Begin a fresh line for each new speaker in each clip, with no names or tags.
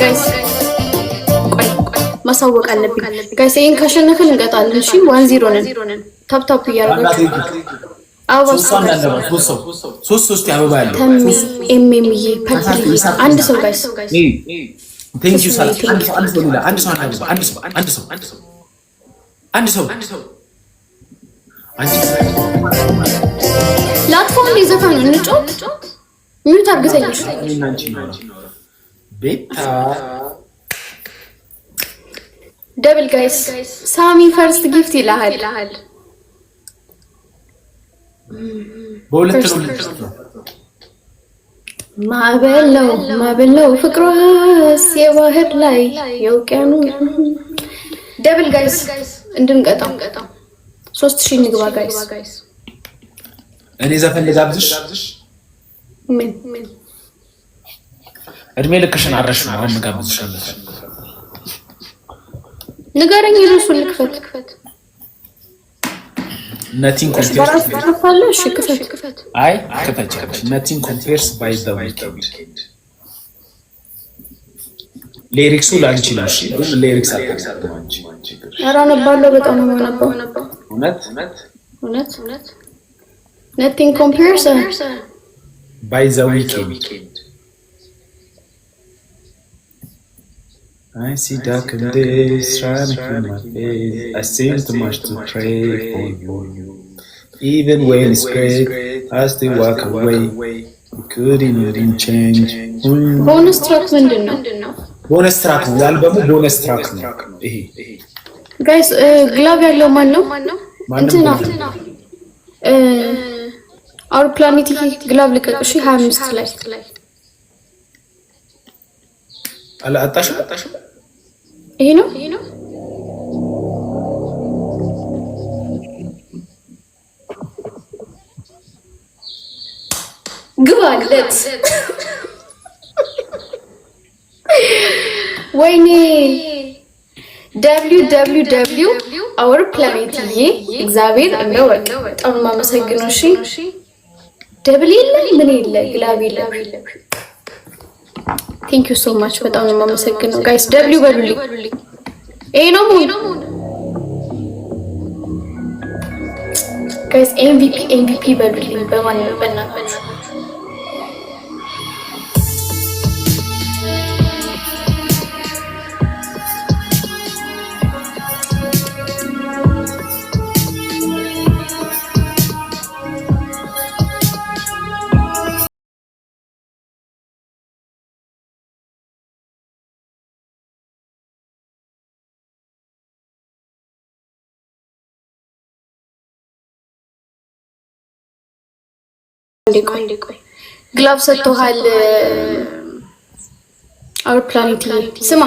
ጋይስ ማሳወቅ አለብኝ። ጋይስ ይሄን ካሸነፍን እንቀጣለን። እሺ ዋን ዚሮ ነን። ታፕ ታፕ እያደረጋችሁ አበባ ዘፈኑ እንጮ ሚዩት ቤታ ደብል ጋይስ ሳሚ ፈርስት ጊፍት ይልሃል።
በሁለት ነው
ማዕበል ነው ማዕበል ነው የባህር ላይ የውቅያኑ ደብል ጋይስ እንድንቀጣው ሶስት ሺህ ንግባ ጋይስ
እኔ ዘፈን ልጋብዝሽ ምን እድሜ ልክሽን አረሽ ነው። አሁን ምጋብዝሻለሁ።
ንገረኝ። ሩሱን ልክፈት።
ነቲን አይ ክፈቻለሽ። ነቲን ኮምፔርስ ባይ ዘ ዊኬንድ ሌሪክሱ ላንቺ ነው። እሺ ግን ሌሪክስ
አታነባለሁ። በጣም ነው የማነበው። እውነት እውነት ነቲንግ ኮምፔርስ
ባይ ዘ ዊኬንድ I see darkened days trying through my face. I seem too much to pray for you. Even when it's great, I still walk away. couldn't change.
ቦነስ ትራክ ምንድን ነው?
ቦነስ ትራክ ነው የአልበሙ ቦነስ ትራክ ነው ይሄ።
ጋይስ ግላቭ ያለው ማን ነው? እንትና አውሮፕላኔት ግላቭ ልቀቅ እሺ፣ ሀያ አምስት ላይ አላጣሽ ይሄ ነው ይሄ ነው ግባለት ወይኔ www ደብሊው ደብሊው አወር እግዚአብሔር እንደው በጣም ማመሰግነው። እሺ ደብል የለ ምን የለ ግላብ የለ ቴንክ ዩ ሶ ማች በጣም ነው የማመሰግነው ጋይስ። ደብሊው በሉልኝ። ይሄ ነው ሙሉ ጋይስ። ኤምቪፒ ኤምቪፒ በሉልኝ። በማን ነው ግላብ ሰጥቶሃል። አውሮፕላኔት ስማ፣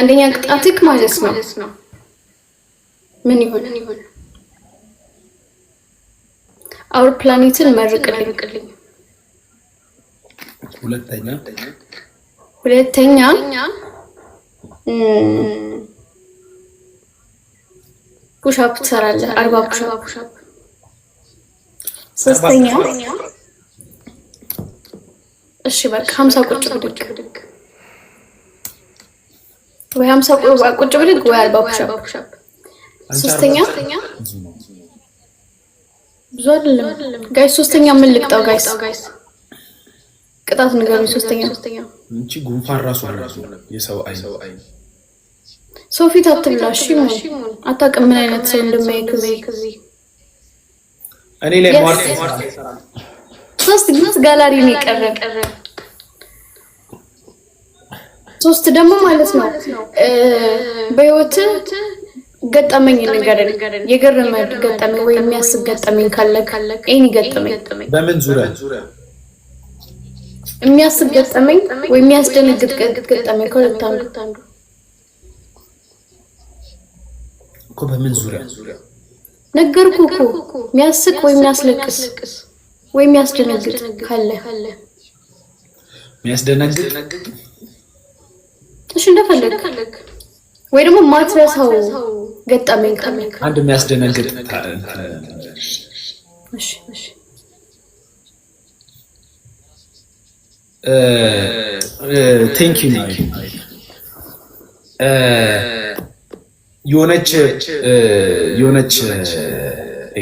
አንደኛ ቅጣትክ ማለት ነው ምን ይሆን? አውሮፕላኔትን መርቅልኝ። ሁለተኛ ሁለተኛ ፑሽ ፑሻፕ ትሰራለህ፣ አርባ አፕ ሶስተኛው እሺ በቃ ሀምሳ ቁጭ ብድግ ወይ ሀምሳ ቁጭ ብድግ ወይ አልባ ፑሽ ሶስተኛ ብዙ አይደለም ጋይስ። ሶስተኛ ምን ልቅጣው ጋይስ? ቅጣት ንገሩኝ። ሶስተኛ
እንቺ ጉንፋን ራሱ አላሱ የሰው አይ
ሰው ፊት አትብላሽ። አታውቅም ምን አይነት ሰው እንደማይክ እዚህ
እኔ ላይ ሟርት ይሰራል።
ሶስት ግላስ ጋላሪ ነው የቀረ ሶስት ደግሞ ማለት ነው። በህይወት ገጠመኝ ንገረን፣ የገረመ ገጠመኝ ወይ የሚያስብ ገጠመኝ ካለ ይሄን ገጠመኝ
በምን ዙሪያ
የሚያስብ ገጠመኝ ወይ የሚያስደነግጥ ገጠመኝ ከሁለት አንዱ
እኮ በምን ዙሪያ
ነገርኩ እኮ የሚያስቅ ወይ የሚያስለቅስ ወይ የሚያስደነግጥ ካለ
የሚያስደነግጥ
እሺ፣ እንደፈለግ ወይ ደግሞ ማትረሳው ገጠመኝ ካለ
አንድ የሚያስደነግጥ እሺ፣ እሺ ቴንክ ዩ የሆነች የሆነች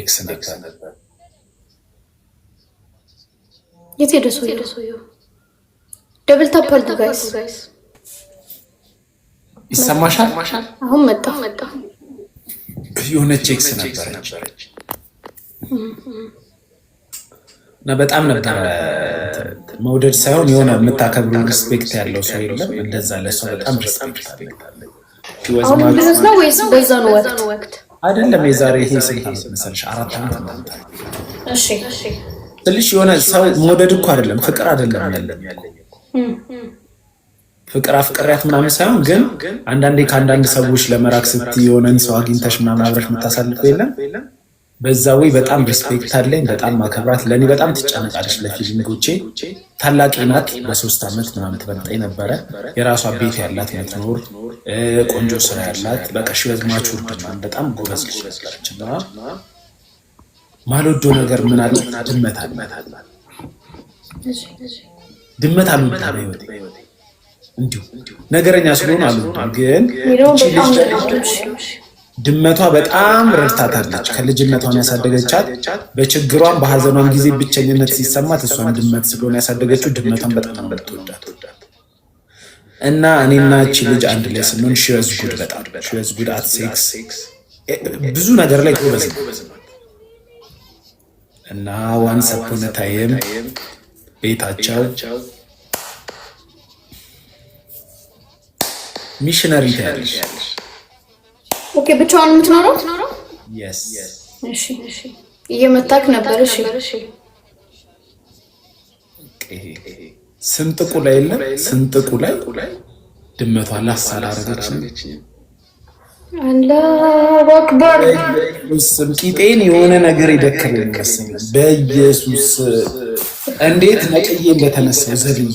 ኤክስ ነበር።
የት ሄደ ሰውዬው? ደብል ታፕ አድርጉ ጋይስ። ይሰማሻል? አሁን መጣ።
የሆነች ኤክስ ነበረች እና በጣም ነበር መውደድ ሳይሆን የሆነ የምታከብሩ ሪስፔክት ያለው ሰው የለም እንደዛ ለሰው በጣም ሪስፔክት አለ አይደለም የዛሬ ይሄ ስል መሰለሽ? አራት ዓመት ነው። እሺ የሆነ ሰው መውደድ እኮ አይደለም ፍቅር አይደለም ያለኝ ፍቅር አፍቅሪያት ምናምን ሳይሆን ግን አንዳንዴ ከአንዳንድ ሰዎች ለመራቅ ስትይ የሆነን ሰው አግኝተሽ ምናምን አብረሽ የምታሳልፈው የለም በዛ ወይ በጣም ሪስፔክት አለኝ። በጣም ማከብራት ለእኔ በጣም ትጨነቃለች ለፊሊንጎቼ። ታላቅ ናት። በሶስት ዓመት ምናምን ትበልጠኝ ነበረ። የራሷ ቤት ያላት የምትኖር ቆንጆ ስራ ያላት በቃ ሽበዝማች ውርድና በጣም ጎበዝ ልጅ እና ማልወዶ ነገር ምን አለ ድመት አለ ድመት አሉ ህይወቴ እንዲሁ ነገረኛ ስለሆነ አሉ ግን ድመቷ በጣም ረድታታለች። ከልጅነቷን ያሳደገቻት በችግሯን በሀዘኗን ጊዜ ብቸኝነት ሲሰማት እሷን ድመት ስለሆነ ያሳደገችው ድመቷን በጣም ነው የምትወዳት። እና እኔና እቺ ልጅ አንድ ላይ ስንሆን ሽዝ ጉድ በጣም ሽዝ ጉድ አት ሴክስ ብዙ ነገር ላይ ጎበዝ ነው። እና ዋን ሰፖነ ታይም ቤታቸው ሚሽነሪ ታያለች
ኦኬ፣ ብቻዋን የምትኖረው? እሺ፣ እየመታክ ነበር። እሺ፣
ስንጥቁ ላይ የለም። ስንጥቁ ላይ ድመቷ ላስ አረገች አላሁ ቂጤን የሆነ ነገር ይደክል ይመስል በኢየሱስ እንዴት ነቅዬ እንደተነሳው ዘብዬ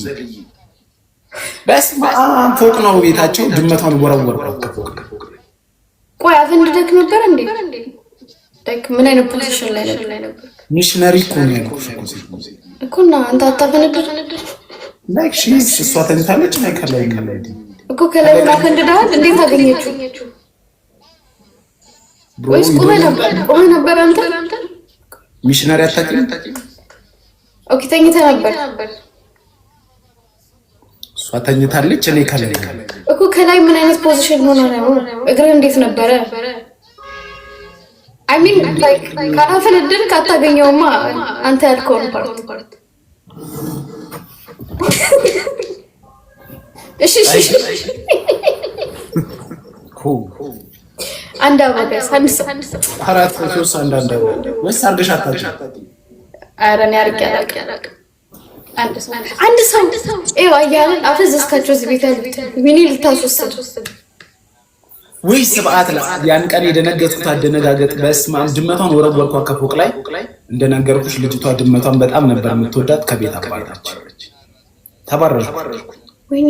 በስመ አብ ፎቅ ነው ቤታቸው። ድመቷን ወረወር ከፎቅ
ቆይ አፍ እንድደክ ነበር እንዴ? ምን አይነት ፖዚሽን ላይ ነበር?
ሚሽነሪ እኮ ነው ያልኩሽ
እኮ እና አንተ አታፈነድር
ላይክ ሺ እሷ ተኝታለች ላይ ከላይ
እኮ ከላይ ሆና እንዴት አገኘችው? ወይስ ነበር? ነበር አንተ
ሚሽነሪ ኦኬ ነበር። እሷ ተኝታለች እኔ ከላይ
እኮ ከላይ ምን አይነት ፖዚሽን ሆኖ ነው? እግር እንዴት ነበረ? አይ ሚን ላይክ ካላፈነደን ካታገኘውማ አንተ ያልከውን ፓርት እሺ፣ እሺ፣ አንድ አበባ
አራት ሶስት አንድ አንድ አበባ ወይስ አድርገሽ አታውቂም?
ኧረ እኔ አድርጌ አላውቅም። አንድ ሰው ይኸው አያልን ቤት
ወይ ስብዓት ላ ያን ቀን የደነገጥኩት አደነጋገጥ በስመ ድመቷን ወረወርኳ ከፎቅ ላይ እንደነገርኩሽ ልጅቷ ድመቷን በጣም ነበር የምትወዳት ከቤት አባራች ተባረርኩ
ወይኔ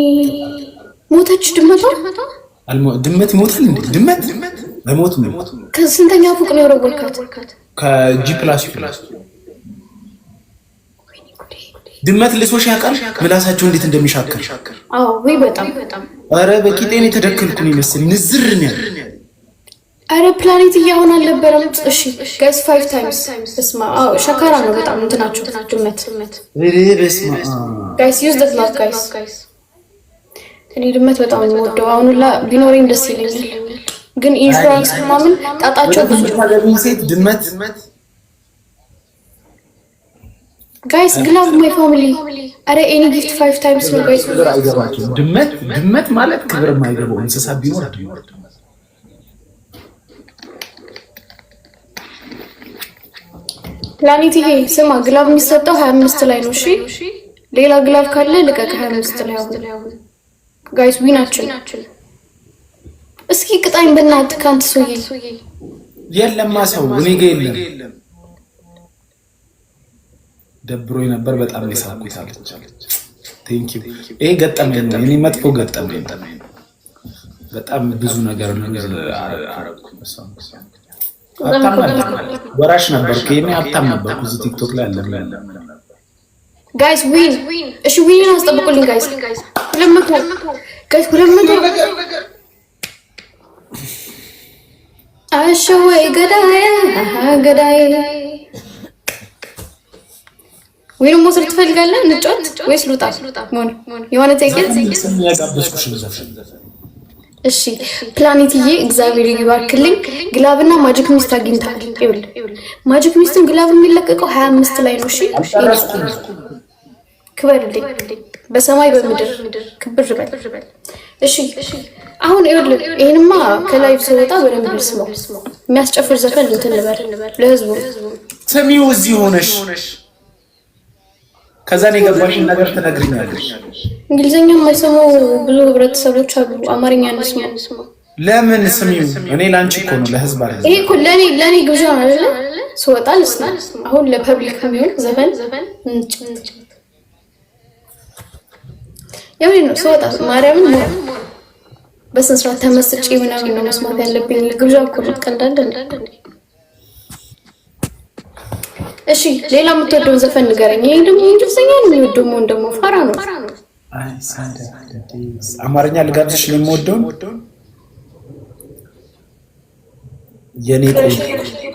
ሞተች ድመቷ
ድመት ይሞታል እንዴ ድመት በሞት ነው
ከስንተኛ ፎቅ ነው የወረወርካት
ከጂ ፕላስ ድመት ልሶሽ ያውቃል ምላሳቸው እንዴት እንደሚሻክር።
አዎ ወይ በጣም
አረ በቂጤን የተደከልኩኝ ይመስል ንዝር ነው።
አረ ፕላኔት እያሆን አልነበረም። እሺ ጋይስ ፋይቭ ታይምስ በስማ አዎ ሸካራ ነው በጣም እንትናቸው ድመት
ወይ በስማ
ጋይስ ዩዝ ዳት ላክ ጋይስ። እኔ ድመት በጣም የምወደው አሁን ሁላ ቢኖረኝ ደስ ይለኛል፣ ግን ኢንሹራንስ ምናምን ጣጣቸው ብዙ ሴት ድመት ጋይስ ግላቭ ማይ ፋሚሊ አረ ኤኒ ጊፍት ፋይቭ ታይምስ ነው ጋይስ።
ድመት ድመት ማለት ክብር የማይገባው እንስሳ ቢኖር ድመት።
ፕላኔት ይሄ ስማ፣ ግላቭ የሚሰጠው ሀያ አምስት ላይ ነው። እሺ ሌላ ግላቭ ካለ ልቀቅ። ሀያ አምስት ላይ አሁን ጋይስ ዊናችን። እስኪ ቅጣኝ በእናትህ ከአንተ ሰውዬ።
የለማ ሰው እኔ ጋ የለም ደብሮ ነበር። በጣም የሳኩት አለች። ቴንኪው። ይሄ ገጠመኝ ነው መጥፎ ገጠመኝ። በጣም ብዙ ነገር ወራሽ ነበር ከኔ ሀብታም ነበር። ብዙ ቲክቶክ ላይ አለ።
ጋይስ ዊን፣ እሺ ዊንን አስጠብቁልኝ ጋይስ። ሁለት መቶ ጋይስ፣ ሁለት መቶ እሺ ወይ ገዳዬ ገዳዬ ወይንም ሞስር ትፈልጋለህ? እንጫወት ወይስ ልውጣ? የሆነ እሺ፣ ፕላኔትዬ እግዚአብሔር ይባርክልኝ። ግላብና ማጂክ ሚስት አግኝታል። ይኸውልህ ማጂክ ሚስትን ግላብ የሚለቀቀው ሀያ አምስት ላይ ነው። እሺ ክበርልኝ፣ በሰማይ በምድር ክብር በል። እሺ አሁን ይኸውልህ ይሄንማ ከላይ ስወጣ በደንብ ልስማው። የሚያስጨፍር ዘፈን እንትን ልበል ለህዝቡ።
ስሚው እዚህ ሆነሽ ከዛ ነው የገባሽን ነገር ትነግሪኛለሽ።
እንግሊዝኛ የማይሰሙ ብዙ ህብረተሰቦች አሉ። አማርኛ ነስኛ ነስማ
ለምን ስሚው? እኔ ላንቺ እኮ ነው ለህዝብ አለ።
ይሄ እኮ ለኔ ለኔ ግብዣ ነው አይደል? ስወጣ ልስና አሁን ለፐብሊክ የሚሆን ዘፈን ዘፈን እንጭንጭ ያው ነው ስወጣ ማርያምን ነው በስነ ስርዓት ተመስጬ ምናምን ነው መስማት ያለብኝ። ግብዣ እኮ ነው ቀልድ አይደል? እሺ ሌላ የምትወደውን ዘፈን ንገረኝ። ይሄ ደግሞ እንግሊዝኛ ነው የሚወደው መሆን ደግሞ ፋራ ነው።
አማርኛ ልጋብዝሽ ለምወደውን የኔ ቆይ